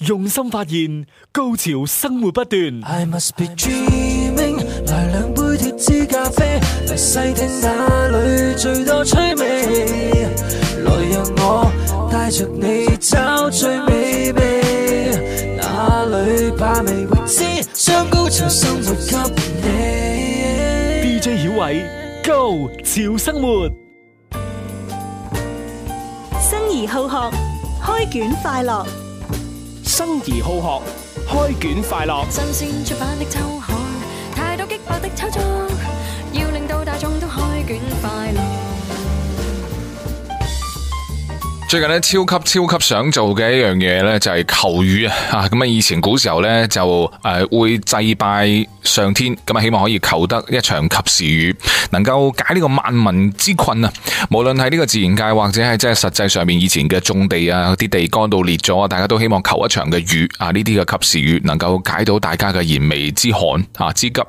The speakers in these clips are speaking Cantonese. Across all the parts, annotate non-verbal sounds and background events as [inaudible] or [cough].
用心發現，高潮生活不斷。I must be dreaming, 來兩杯脫脂咖啡，嚟細聽那裏最多趣味。來讓我帶着你找最美味。哪裏怕未知，將高潮生活給你。DJ 小偉，Go 潮生活，生而好學，開卷快樂。生而好學，開卷快樂。最近咧，超級超級想做嘅一樣嘢咧，就係求雨啊！啊，咁啊，以前古時候咧就誒會祭拜上天，咁啊，希望可以求得一場及時雨，能夠解呢個萬民之困啊！無論係呢個自然界，或者係即係實際上面，以前嘅種地啊，啲地乾到裂咗啊，大家都希望求一場嘅雨啊，呢啲嘅及時雨能夠解到大家嘅燃眉之寒啊之急。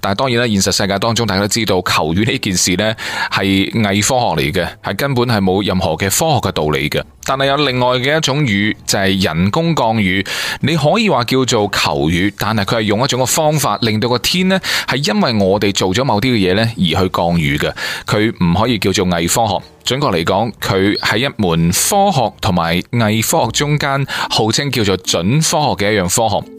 但係當然啦，現實世界當中，大家都知道求雨呢件事咧係偽科學嚟嘅，係根本係冇任何嘅科學嘅道理。但係有另外嘅一種雨就係人工降雨，你可以話叫做求雨，但係佢係用一種嘅方法令到個天呢係因為我哋做咗某啲嘅嘢呢而去降雨嘅，佢唔可以叫做偽科學，準確嚟講佢係一門科學同埋偽科學中間號稱叫做準科學嘅一樣科學。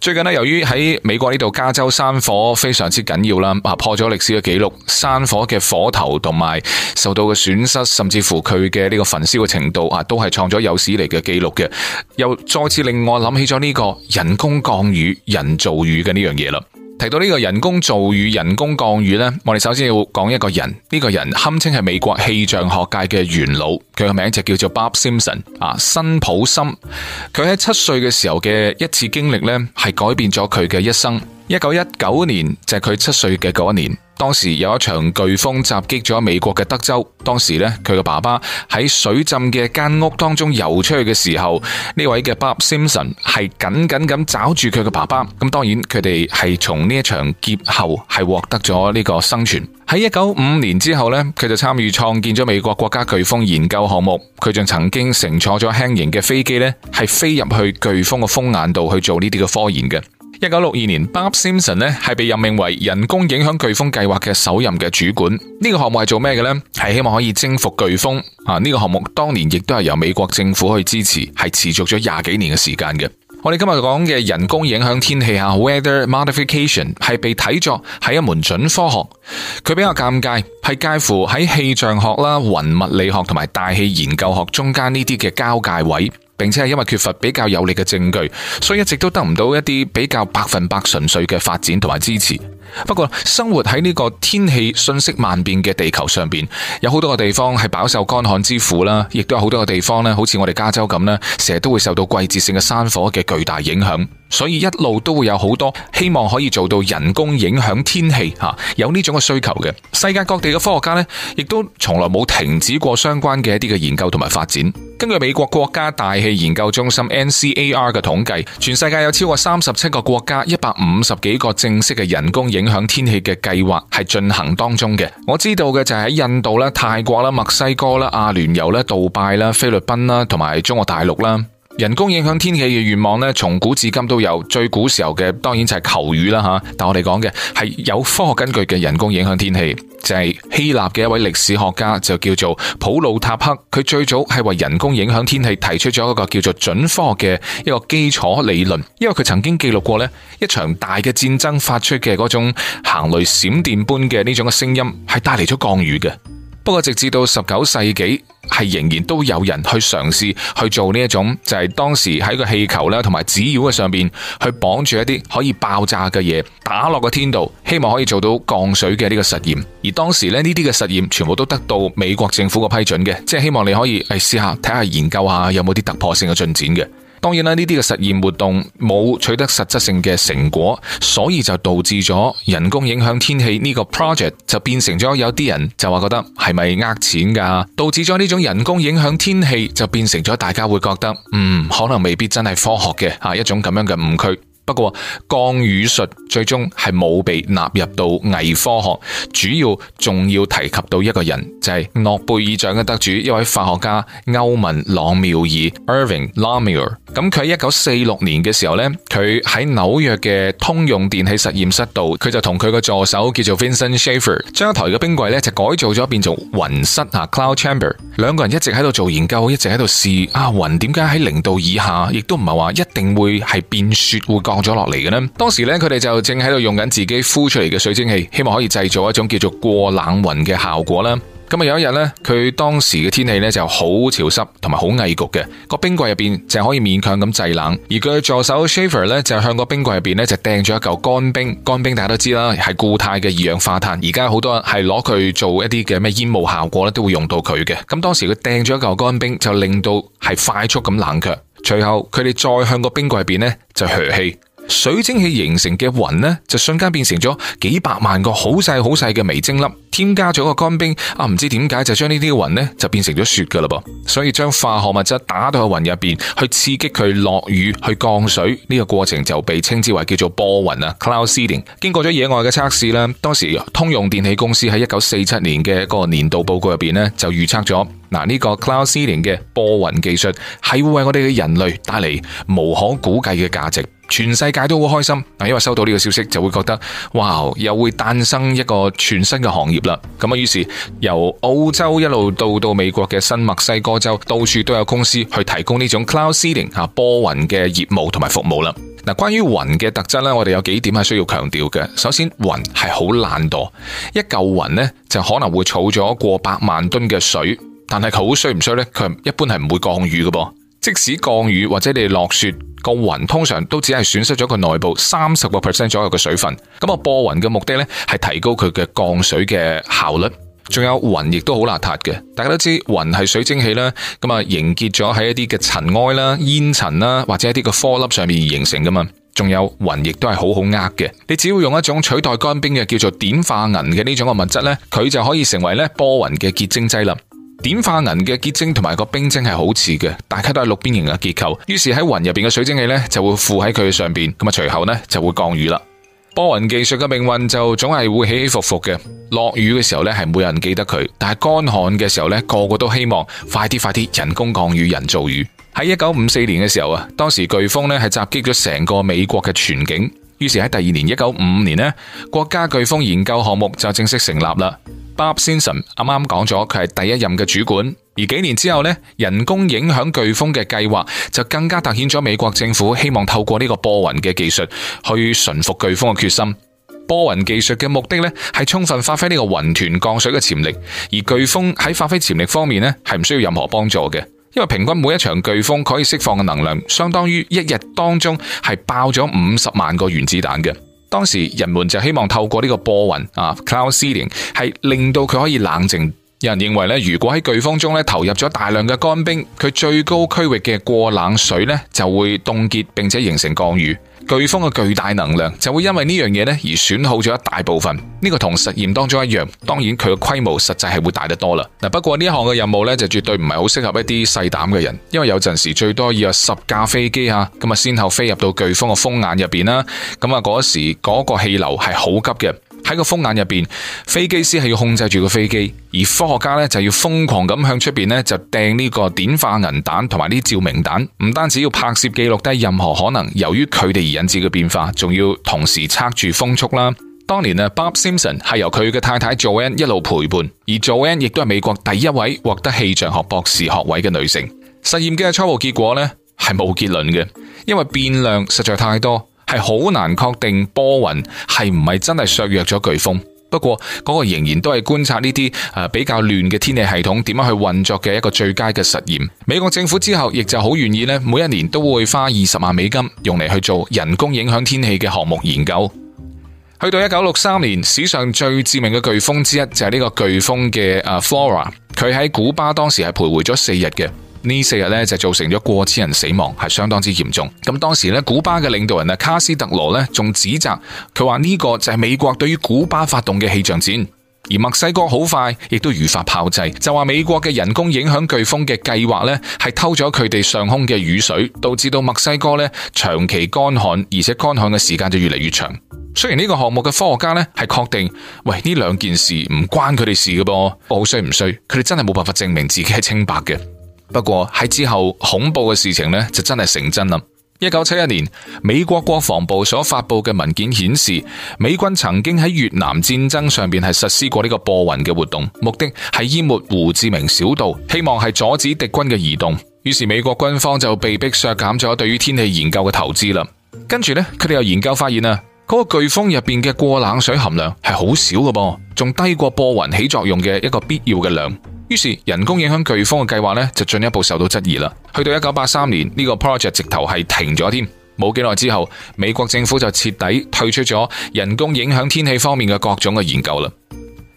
最近咧，由於喺美國呢度加州山火非常之緊要啦，啊破咗歷史嘅記錄，山火嘅火頭同埋受到嘅損失，甚至乎佢嘅呢個焚燒嘅程度啊，都係創咗有史以來嘅記錄嘅，又再次令我諗起咗呢個人工降雨，人造雨嘅呢樣嘢啦。提到呢個人工造雨、人工降雨呢，我哋首先要講一個人。呢、這個人堪稱係美國氣象學界嘅元老，佢嘅名就叫做 Bob Simpson 啊，辛普森。佢喺七歲嘅時候嘅一次經歷呢，係改變咗佢嘅一生。就是、一九一九年就係佢七歲嘅嗰年，當時有一場颶風襲擊咗美國嘅德州。當時呢，佢嘅爸爸喺水浸嘅間屋當中游出去嘅時候，呢位嘅 Bob Simpson 係緊緊咁抓住佢嘅爸爸。咁當然，佢哋係從呢一場劫後係獲得咗呢個生存。喺一九五年之後呢，佢就參與創建咗美國國家颶風研究項目。佢仲曾經乘坐咗輕型嘅飛機呢係飛入去颶風嘅風眼度去做呢啲嘅科研嘅。一九六二年，Bob Simpson 咧係被任命為人工影響颶風計劃嘅首任嘅主管。呢個項目係做咩嘅呢？係希望可以征服颶風。啊，呢個項目當年亦都係由美國政府去支持，係持續咗廿幾年嘅時間嘅。我哋今日講嘅人工影響天氣啊，weather modification 係被睇作係一門準科學。佢比較尷尬，係介乎喺氣象學啦、雲物理學同埋大氣研究學中間呢啲嘅交界位。並且係因為缺乏比較有力嘅證據，所以一直都得唔到一啲比較百分百純粹嘅發展同埋支持。不過生活喺呢個天氣瞬息萬變嘅地球上邊，有好多個地方係飽受乾旱之苦啦，亦都有好多個地方呢，好似我哋加州咁呢，成日都會受到季節性嘅山火嘅巨大影響。所以一路都會有好多希望可以做到人工影響天氣吓，有呢種嘅需求嘅。世界各地嘅科學家呢，亦都從來冇停止過相關嘅一啲嘅研究同埋發展。根據美國國家大氣研究中心 NCAR 嘅統計，全世界有超過三十七個國家一百五十幾個正式嘅人工影響天氣嘅計劃係進行當中嘅。我知道嘅就係印度啦、泰國啦、墨西哥啦、阿聯酋啦、杜拜啦、菲律賓啦同埋中國大陸啦。人工影響天氣嘅願望咧，從古至今都有。最古時候嘅，當然就係求雨啦吓。但我哋講嘅係有科學根據嘅人工影響天氣，就係、是、希臘嘅一位歷史學家就叫做普魯塔克，佢最早係為人工影響天氣提出咗一個叫做準科學嘅一個基礎理論。因為佢曾經記錄過呢一場大嘅戰爭發出嘅嗰種行雷閃電般嘅呢種嘅聲音，係帶嚟咗降雨嘅。不過直至到十九世紀，係仍然都有人去嘗試去做呢一種，就係當時喺個氣球啦，同埋紙鷂嘅上邊去綁住一啲可以爆炸嘅嘢，打落個天度，希望可以做到降水嘅呢個實驗。而當時咧呢啲嘅實驗，全部都得到美國政府嘅批准嘅，即係希望你可以嚟試下睇下研究下有冇啲突破性嘅進展嘅。當然啦，呢啲嘅實驗活動冇取得實質性嘅成果，所以就導致咗人工影響天氣呢個 project 就變成咗有啲人就話覺得係咪呃錢噶，導致咗呢種人工影響天氣就變成咗大家會覺得，嗯，可能未必真係科學嘅吓一種咁樣嘅誤區。不過降雨術最終係冇被納入到偽科學，主要仲要提及到一個人就係諾貝爾獎嘅得主一位法學家歐文朗妙爾 （Irving l a n m u i r 咁佢喺一九四六年嘅時候咧，佢喺紐約嘅通用電器實驗室度，佢就同佢個助手叫做 Vincent Schaefer，將一台嘅冰櫃咧就改造咗變做雲室啊 （cloud chamber）。兩個人一直喺度做研究，一直喺度試啊，雲點解喺零度以下，亦都唔係話一定會係變雪會降咗落嚟嘅呢？當時咧，佢哋就正喺度用緊自己呼出嚟嘅水蒸氣，希望可以製造一種叫做過冷雲嘅效果啦。.咁啊，有一日呢，佢當時嘅天氣呢就好潮濕同埋好翳焗嘅，個冰櫃入邊就可以勉強咁製冷。而佢嘅助手 Shaver 咧，就向個冰櫃入面呢就掟咗一嚿乾冰。乾冰大家都知啦，係固態嘅二氧化碳。而家好多人係攞佢做一啲嘅咩煙霧效果都會用到佢嘅。咁當時佢掟咗一嚿乾冰，就令到係快速咁冷卻。隨後佢哋再向個冰櫃入面呢就吸氣。水蒸氣形成嘅雲呢，就瞬間變成咗幾百萬個好細好細嘅微晶粒。添加咗個乾冰，啊，唔知點解就將呢啲雲呢就變成咗雪噶啦噃。所以將化學物質打到去雲入邊，去刺激佢落雨，去降水呢個過程就被稱之為叫做播雲啊 （cloud seeding）。經過咗野外嘅測試啦，當時通用電器公司喺一九四七年嘅嗰個年度報告入邊呢，就預測咗嗱呢個 cloud seeding 嘅播雲技術係會為我哋嘅人類帶嚟無可估計嘅價值。全世界都好開心嗱，因為收到呢個消息就會覺得，哇，又會誕生一個全新嘅行業啦。咁啊，於是由澳洲一路到到美國嘅新墨西哥州，到處都有公司去提供呢種 cloud seeding 吓波雲嘅業務同埋服務啦。嗱，關於雲嘅特質呢，我哋有幾點係需要強調嘅。首先，雲係好懶惰，一嚿雲呢，就可能會儲咗過百萬噸嘅水，但係佢好衰唔衰呢？佢一般係唔會降雨㗎噃。即使降雨或者你落雪，個雲通常都只係損失咗佢內部三十個 percent 左右嘅水分。咁啊，播雲嘅目的咧，係提高佢嘅降水嘅效率。仲有雲亦都好邋遢嘅。大家都知雲係水蒸氣啦，咁啊凝結咗喺一啲嘅塵埃啦、煙塵啦或者一啲嘅顆粒上面而形成噶嘛。仲有雲亦都係好好呃嘅。你只要用一種取代乾冰嘅叫做碘化銀嘅呢種嘅物質咧，佢就可以成為咧播雲嘅結晶劑啦。碘化銀嘅結晶同埋個冰晶係好似嘅，大家都係六邊形嘅結構，於是喺雲入邊嘅水蒸氣呢，就會附喺佢上邊，咁啊隨後呢就會降雨啦。播雲技術嘅命運就總係會起起伏伏嘅。落雨嘅時候呢，係冇人記得佢，但係乾旱嘅時候呢，個個都希望快啲快啲人工降雨人造雨。喺一九五四年嘅時候啊，當時颶風呢係襲擊咗成個美國嘅全景，於是喺第二年一九五五年呢，國家颶風研究項目就正式成立啦。Bob Simpson 啱啱講咗佢係第一任嘅主管，而幾年之後咧，人工影響颶風嘅計劃就更加凸顯咗美國政府希望透過呢個播雲嘅技術去馴服颶風嘅決心。播雲技術嘅目的咧，係充分發揮呢個雲團降水嘅潛力，而颶風喺發揮潛力方面咧，係唔需要任何幫助嘅，因為平均每一場颶風可以釋放嘅能量相當於一日當中係爆咗五十萬個原子彈嘅。當時人們就希望透過呢個播雲啊，Cloud seeding，係令到佢可以冷靜。有人認為咧，如果喺颶風中咧投入咗大量嘅乾冰，佢最高區域嘅過冷水咧就會凍結，並且形成降雨。颶風嘅巨大能量就會因為呢樣嘢咧而損耗咗一大部分，呢個同實驗當中一樣，當然佢嘅規模實際係會大得多啦。不過呢一項嘅任務呢，就絕對唔係好適合一啲細膽嘅人，因為有陣時最多要有十架飛機啊，咁啊先後飛入到颶風嘅風眼入邊啦，咁啊嗰時嗰個氣流係好急嘅。喺個風眼入邊，飛機師係要控制住個飛機，而科學家咧就要瘋狂咁向出邊咧就掟呢個碘化銀彈同埋啲照明彈。唔單止要拍攝記錄低任何可能由於佢哋而引致嘅變化，仲要同時測住風速啦。當年啊，Bob Simpson 係由佢嘅太太 Joanne 一路陪伴，而 Joanne 亦都係美國第一位獲得氣象學博士學位嘅女性。實驗嘅初步結果咧係冇結論嘅，因為變量實在太多。係好難確定波雲係唔係真係削弱咗颶風，不過嗰、嗰個仍然都係觀察呢啲誒比較亂嘅天氣系統點樣去運作嘅一個最佳嘅實驗。美國政府之後亦就好願意呢每一年都會花二十萬美金用嚟去做人工影響天氣嘅項目研究。去到一九六三年，史上最致命嘅颶風之一就係呢個颶風嘅誒、呃、Flora，佢喺古巴當時係徘徊咗四日嘅。呢四日咧就造成咗過千人死亡，係相當之嚴重。咁當時咧，古巴嘅領導人啊卡斯特羅咧，仲指責佢話呢個就係美國對於古巴發動嘅氣象戰。而墨西哥好快亦都如法炮製，就話美國嘅人工影響颶風嘅計劃呢，係偷咗佢哋上空嘅雨水，導致到墨西哥咧長期乾旱，而且乾旱嘅時間就越嚟越長。雖然呢個項目嘅科學家呢，係確定，喂呢兩件事唔關佢哋事嘅噃，我好衰唔衰？佢哋真係冇辦法證明自己係清白嘅。不過喺之後，恐怖嘅事情呢，就真係成真啦！一九七一年，美國國防部所發布嘅文件顯示，美軍曾經喺越南戰爭上邊係實施過呢個播雲嘅活動，目的係淹沒胡志明小道，希望係阻止敵軍嘅移動。於是美國軍方就被迫削減咗對於天氣研究嘅投資啦。跟住呢，佢哋又研究發現啊，嗰個颶風入邊嘅過冷水含量係好少噶噃，仲低過播雲起作用嘅一個必要嘅量。於是人工影響颶風嘅計劃呢，就進一步受到質疑啦。去到一九八三年，呢個 project 直頭係停咗添。冇幾耐之後，美國政府就徹底退出咗人工影響天氣方面嘅各種嘅研究啦。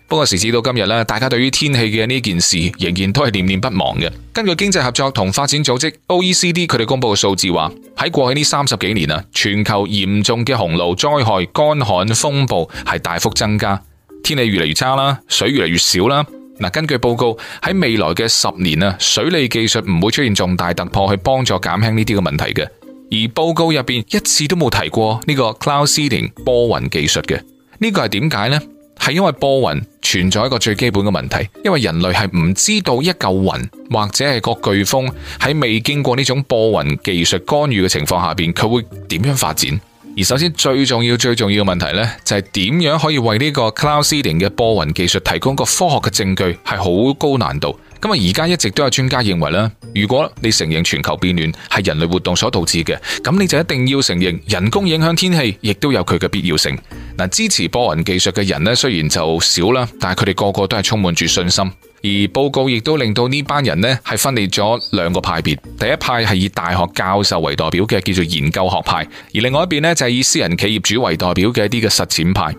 不過時至到今日呢，大家對於天氣嘅呢件事仍然都係念念不忘嘅。根據經濟合作同發展組織 （OECD） 佢哋公布嘅數字話，喺過去呢三十幾年啊，全球嚴重嘅洪澇災害、乾旱、風暴係大幅增加，天氣越嚟越差啦，水越嚟越少啦。根據報告，喺未來嘅十年啊，水利技術唔會出現重大突破去幫助減輕呢啲嘅問題嘅。而報告入邊一次都冇提過呢個 cloud seeding 波雲技術嘅。呢個係點解呢？係因為波雲存在一個最基本嘅問題，因為人類係唔知道一舊雲或者係個颶風喺未經過呢種波雲技術干預嘅情況下邊，佢會點樣發展。而首先最重要、最重要嘅問題咧，就係點樣可以為呢個 cloud seeding 嘅播雲技術提供一個科學嘅證據，係好高難度。咁啊！而家一直都有專家認為啦，如果你承認全球變暖係人類活動所導致嘅，咁你就一定要承認人工影響天氣亦都有佢嘅必要性嗱。支持波雲技術嘅人咧，雖然就少啦，但係佢哋個個都係充滿住信心。而報告亦都令到呢班人咧係分裂咗兩個派別，第一派係以大學教授為代表嘅，叫做研究學派；而另外一邊呢就係以私人企業主為代表嘅一啲嘅實踐派。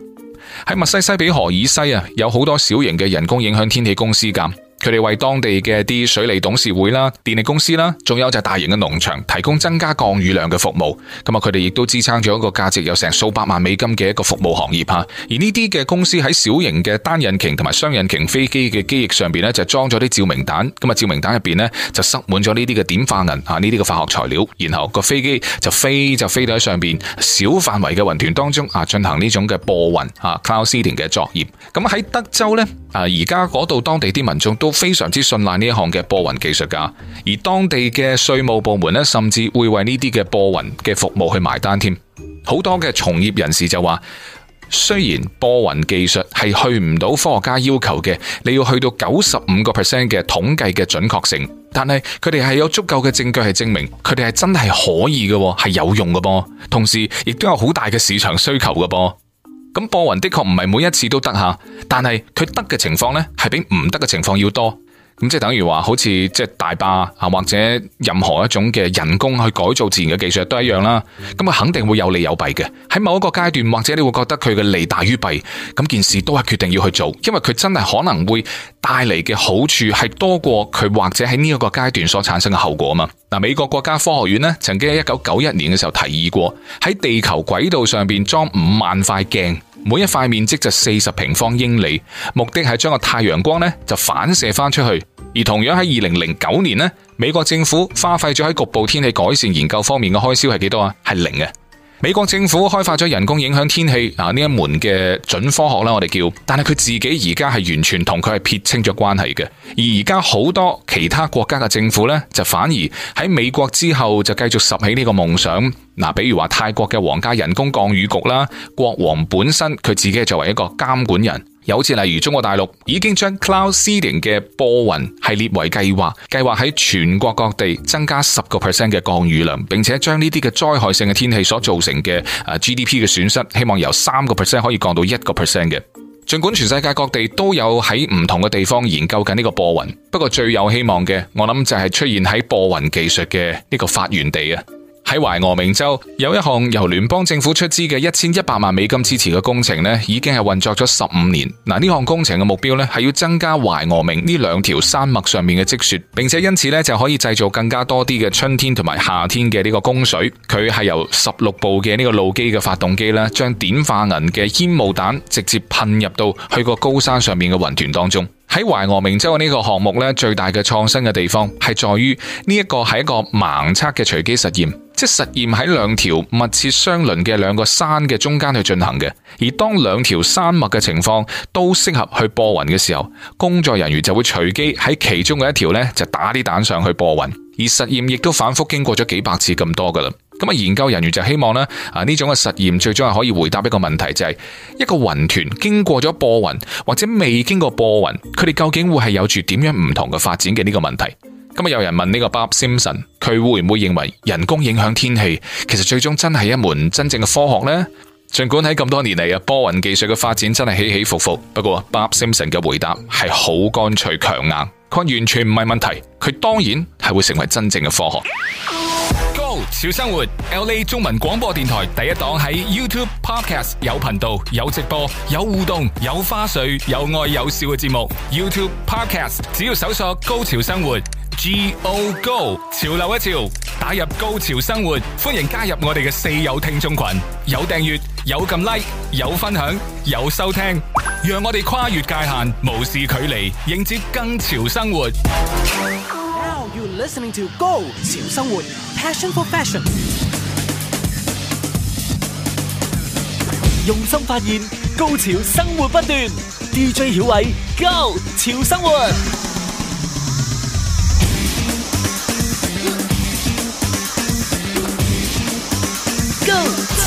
喺密西西比河以西啊，有好多小型嘅人工影響天氣公司噉。佢哋為當地嘅啲水利董事會啦、電力公司啦，仲有就係大型嘅農場提供增加降雨量嘅服務。咁啊，佢哋亦都支撐咗一個價值有成數百萬美金嘅一個服務行業吓。而呢啲嘅公司喺小型嘅單引擎同埋雙引擎飛機嘅機翼上邊咧，就裝咗啲照明彈。咁啊，照明彈入邊呢，就塞滿咗呢啲嘅碘化銀啊，呢啲嘅化學材料。然後個飛機就飛就飛到喺上邊小範圍嘅雲團當中啊，進行呢種嘅播雲啊，cloud seeding 嘅作業。咁喺德州咧。啊！而家嗰度當地啲民眾都非常之信賴呢一項嘅播雲技術噶，而當地嘅稅務部門咧，甚至會為呢啲嘅播雲嘅服務去埋單添。好多嘅從業人士就話，雖然播雲技術係去唔到科學家要求嘅，你要去到九十五個 percent 嘅統計嘅準確性，但係佢哋係有足夠嘅證據係證明佢哋係真係可以嘅，係有用嘅噃，同時亦都有好大嘅市場需求嘅噃。咁播雲的確唔係每一次都得吓，但係佢得嘅情況咧，係比唔得嘅情況要多。咁即係等於話，好似即係大壩啊，或者任何一種嘅人工去改造自然嘅技術都一樣啦。咁啊，肯定會有利有弊嘅。喺某一個階段，或者你會覺得佢嘅利大於弊，咁件事都係決定要去做，因為佢真係可能會帶嚟嘅好處係多過佢或者喺呢一個階段所產生嘅後果啊嘛。嗱，美國國家科學院咧，曾經喺一九九一年嘅時候提議過，喺地球軌道上邊裝五萬塊鏡，每一塊面積就四十平方英里，目的係將個太陽光呢就反射翻出去。而同樣喺二零零九年呢，美國政府花費咗喺局部天氣改善研究方面嘅開銷係幾多啊？係零嘅。美國政府開發咗人工影響天氣啊呢一門嘅準科學啦，我哋叫，但係佢自己而家係完全同佢係撇清咗關係嘅。而而家好多其他國家嘅政府呢，就反而喺美國之後就繼續拾起呢個夢想。嗱，比如話泰國嘅皇家人工降雨局啦，國王本身佢自己係作為一個監管人。有次例如中國大陸已經將 cloud seeding 嘅播雲係列為計劃，計劃喺全國各地增加十個 percent 嘅降雨量，並且將呢啲嘅災害性嘅天氣所造成嘅誒 GDP 嘅損失，希望由三個 percent 可以降到一個 percent 嘅。盡管全世界各地都有喺唔同嘅地方研究緊呢個播雲，不過最有希望嘅，我諗就係出現喺播雲技術嘅呢個發源地啊。喺懷俄明州有一項由聯邦政府出資嘅一千一百萬美金支持嘅工程，呢已經係運作咗十五年。嗱，呢項工程嘅目標呢係要增加懷俄明呢兩條山脈上面嘅積雪，並且因此呢就可以製造更加多啲嘅春天同埋夏天嘅呢個供水。佢係由十六部嘅呢個陸基嘅發動機啦，將碘化銀嘅煙霧彈直接噴入到去個高山上面嘅雲團當中。喺懷俄明州呢個項目咧，最大嘅創新嘅地方係在於呢一個係一個盲測嘅隨機實驗，即係實驗喺兩條密切相鄰嘅兩個山嘅中間去進行嘅。而當兩條山脈嘅情況都適合去播雲嘅時候，工作人員就會隨機喺其中嘅一條咧，就打啲彈上去播雲。而實驗亦都反覆經過咗幾百次咁多噶啦，咁啊研究人員就希望咧啊呢種嘅實驗最終係可以回答一個問題，就係、是、一個雲團經過咗播雲或者未經過播雲，佢哋究竟會係有住點樣唔同嘅發展嘅呢個問題。咁、嗯、啊有人問呢個 Bob Simpson，佢會唔會認為人工影響天氣其實最終真係一門真正嘅科學呢？儘管喺咁多年嚟啊播雲技術嘅發展真係起起伏伏，不過 Bob Simpson 嘅回答係好乾脆強硬。佢完全唔係問題，佢當然係會成為真正嘅科學。高潮生活，LA 中文廣播電台第一檔喺 YouTube Podcast 有頻道、有直播、有互動、有花絮、有愛有笑嘅節目。YouTube Podcast 只要搜索高潮生活。Go go 潮流一潮，打入高潮生活。歡迎加入我哋嘅四友聽眾群，有訂閱，有撳 like，有分享，有收聽，讓我哋跨越界限，無視距離，迎接更潮生活。Now you're listening to Go 潮生活，Passion for fashion。用心發現，高潮生活不斷。DJ 曉偉，Go 潮生活。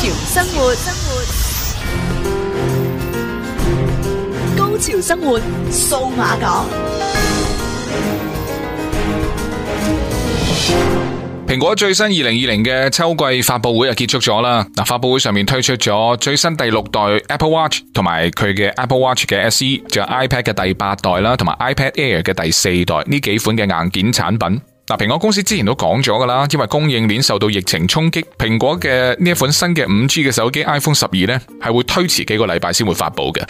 潮生活，高潮生活，數碼港。蘋果最新二零二零嘅秋季發佈會啊，結束咗啦。嗱，發佈會上面推出咗最新第六代 Apple Watch，同埋佢嘅 Apple Watch 嘅 SE，仲有 iPad 嘅第八代啦，同埋 iPad Air 嘅第四代呢幾款嘅硬件產品。蘋果公司之前都講咗㗎啦，因為供應鏈受到疫情衝擊，蘋果嘅呢一款新嘅五 G 嘅手機 iPhone 十二呢係會推遲幾個禮拜先會發佈嘅。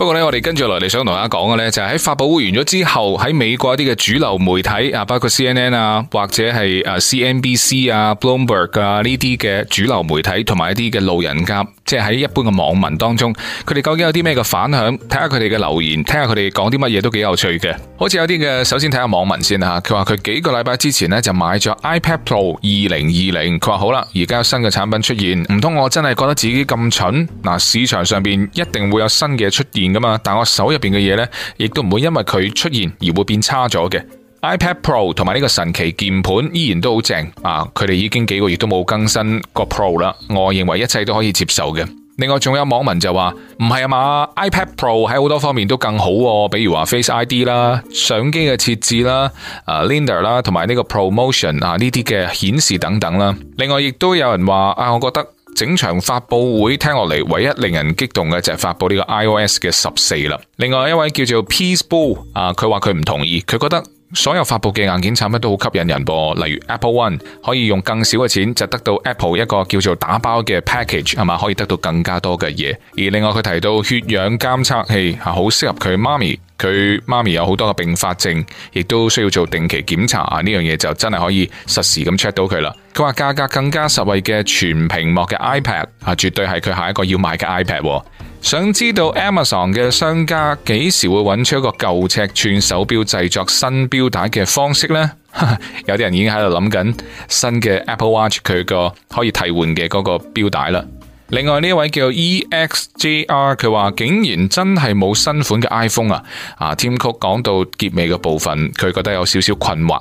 不過咧，我哋跟住落嚟想同大家講嘅咧，就係、是、喺發布會完咗之後，喺美國一啲嘅主流媒體啊，包括 CNN 啊，或者係啊 CNBC 啊、Bloomberg 啊呢啲嘅主流媒體，同埋、啊啊啊、一啲嘅路人甲，即係喺一般嘅網民當中，佢哋究竟有啲咩嘅反響？睇下佢哋嘅留言，睇下佢哋講啲乜嘢都幾有趣嘅。好似有啲嘅，首先睇下網民先吓。佢話佢幾個禮拜之前呢，就買咗 iPad Pro 二零二零，佢話好啦，而家有新嘅產品出現，唔通我真係覺得自己咁蠢？嗱，市場上邊一定會有新嘅出現。但我手入邊嘅嘢呢，亦都唔會因為佢出現而會變差咗嘅。iPad Pro 同埋呢個神奇鍵盤依然都好正啊！佢哋已經幾個月都冇更新過 Pro 啦，我認為一切都可以接受嘅。另外，仲有網民就話唔係啊嘛，iPad Pro 喺好多方面都更好，啊，比如話 Face ID 啦、相機嘅設置啦、啊 LiDAR 啦同埋呢個 ProMotion 啊呢啲嘅顯示等等啦。另外，亦都有人話啊，我覺得。整場發佈會聽落嚟，唯一令人激動嘅就係發佈呢個 iOS 嘅十四啦。另外一位叫做 Peace Bull 啊，佢話佢唔同意，佢覺得所有發佈嘅硬件產品都好吸引人噃，啊，例如 Apple One 可以用更少嘅錢就得到 Apple 一個叫做打包嘅 package 係嘛，可以得到更加多嘅嘢。而另外佢提到血氧監測器係好適合佢媽咪。佢媽咪有好多嘅併發症，亦都需要做定期檢查啊！呢樣嘢就真係可以實時咁 check 到佢啦。佢話價格更加實惠嘅全屏幕嘅 iPad 啊，絕對係佢下一個要買嘅 iPad。想知道 Amazon 嘅商家幾時會揾出一個舊尺寸手表製作新表帶嘅方式呢？ [laughs] 有啲人已經喺度諗緊新嘅 Apple Watch，佢個可以替換嘅嗰個表帶啦。另外呢位叫 EXJR，佢話竟然真係冇新款嘅 iPhone 啊！啊，Tim Cook 講到結尾嘅部分，佢覺得有少少困惑。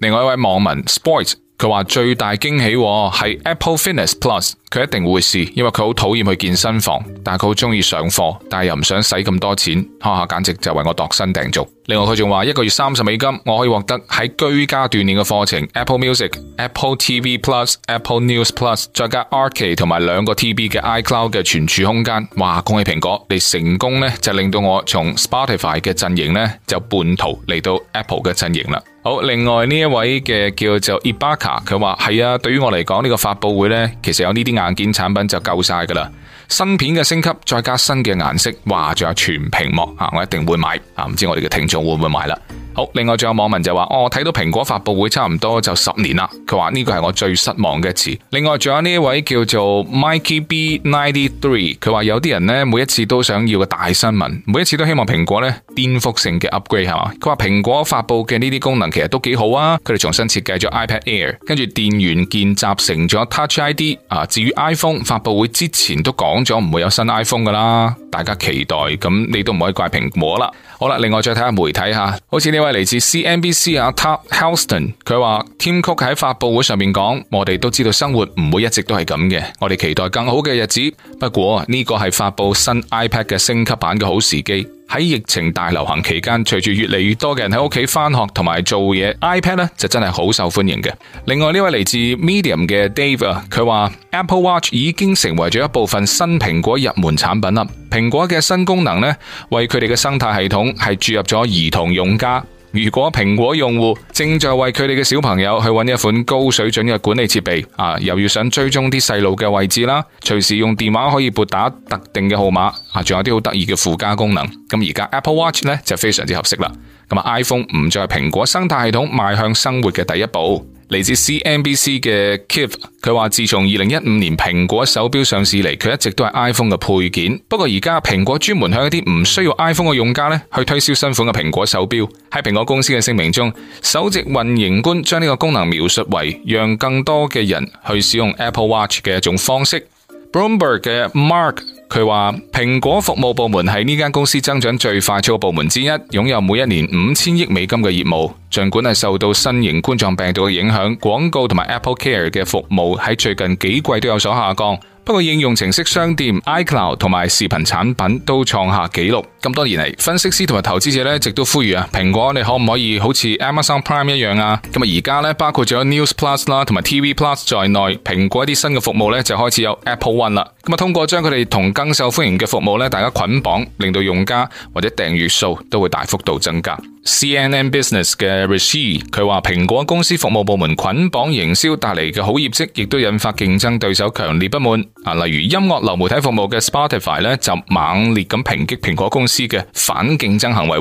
另外一位網民 Sports，佢話最大驚喜係 Apple Fitness Plus。佢一定會試，因為佢好討厭去健身房，但係佢好中意上課，但係又唔想使咁多錢，下下簡直就為我度身訂造。另外佢仲話一個月三十美金，我可以獲得喺居家鍛煉嘅課程，Apple Music、Apple TV Plus、Apple News Plus，再加 Arcade 同埋兩個 TB 嘅 iCloud 嘅存儲空間。哇！恭喜蘋果，你成功呢就令我從呢就到我從 Spotify 嘅陣營呢就半途嚟到 Apple 嘅陣營啦。好，另外呢一位嘅叫做 Ibaka，佢話係啊，對於我嚟講呢個發佈會呢，其實有呢啲。硬件產品就夠晒㗎喇，新片嘅升級，再加新嘅顏色，哇，仲有全屏幕啊！我一定會買啊，唔知我哋嘅聽眾會唔會買啦？好，另外仲有網民就話，哦，我睇到蘋果發布會差唔多就十年啦。佢話呢個係我最失望嘅一次。另外仲有呢一位叫做 Mike B 93，佢話有啲人呢，每一次都想要個大新聞，每一次都希望蘋果呢顛覆性嘅 upgrade 係嘛。佢話蘋果發布嘅呢啲功能其實都幾好啊。佢哋重新設計咗 iPad Air，跟住電源鍵集成咗 Touch ID。啊，至於 iPhone 發布會之前都講咗唔會有新 iPhone 噶啦，大家期待咁你都唔可以怪蘋果啦。好啦，另外再睇下媒體吓，好似呢位。一位嚟自 CNBC 阿 Todd Haselton，佢話：Tim Cook 喺發佈會上面講，我哋都知道生活唔會一直都係咁嘅，我哋期待更好嘅日子。不過呢個係發佈新 iPad 嘅升級版嘅好時機。喺疫情大流行期間，隨住越嚟越多嘅人喺屋企翻學同埋做嘢，iPad 呢就真係好受歡迎嘅。另外呢位嚟自 Medium 嘅 David 佢話 Apple Watch 已經成為咗一部分新蘋果入門產品啦。蘋果嘅新功能呢，為佢哋嘅生態系統係注入咗兒童用家。如果蘋果用戶正在為佢哋嘅小朋友去揾一款高水準嘅管理設備啊，又要想追蹤啲細路嘅位置啦，啊、隨時用電話可以撥打特定嘅號碼啊，仲有啲好得意嘅附加功能。咁而家 Apple Watch 咧就非常之合適啦。咁啊 iPhone 唔再係蘋果生態系統邁向生活嘅第一步。嚟自 CNBC 嘅 Kip，佢話自從二零一五年蘋果手表上市嚟，佢一直都係 iPhone 嘅配件。不過而家蘋果專門向一啲唔需要 iPhone 嘅用家咧，去推銷新款嘅蘋果手表。喺蘋果公司嘅聲明中，首席運營官將呢個功能描述為讓更多嘅人去使用 Apple Watch 嘅一種方式。Bloomberg 嘅 Mark。佢話蘋果服務部門係呢間公司增長最快速嘅部門之一，擁有每一年五千億美金嘅業務。儘管係受到新型冠狀病毒嘅影響，廣告同埋 Apple Care 嘅服務喺最近幾季都有所下降。不過應用程式商店、iCloud 同埋視頻產品都創下紀錄。咁多年嚟分析師同埋投資者咧，一直都呼籲啊，蘋果你可唔可以好似 Amazon Prime 一樣啊？咁啊，而家咧包括咗 News Plus 啦，同埋 TV Plus 在內，蘋果一啲新嘅服務咧就開始有 Apple One 啦。咁啊，通過將佢哋同更受歡迎嘅服務咧，大家捆綁，令到用家或者訂閱數都會大幅度增加。CNN Business 嘅 Rishi 佢話，蘋果公司服務部門捆綁營銷帶嚟嘅好業績，亦都引發競爭對手強烈不滿。啊，例如音樂流媒體服務嘅 Spotify 咧，就猛烈咁抨擊蘋果公司。知嘅反競爭行為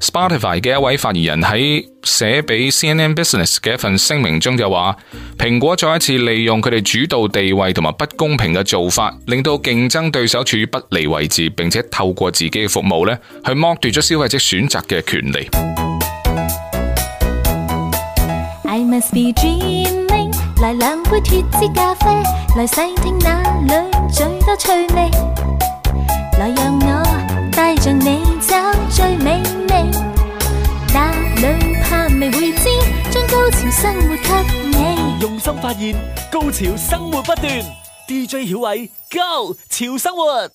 ，Spotify 嘅一位發言人喺寫俾 CNN Business 嘅一份聲明中就話：蘋果再一次利用佢哋主導地位同埋不公平嘅做法，令到競爭對手處於不利位置，並且透過自己嘅服務咧，去剝奪咗消費者選擇嘅權利。讓你找最美味，哪裏怕未會知？將高潮生活給你，用心發現高潮生活不斷。DJ 小偉，Go 潮生活！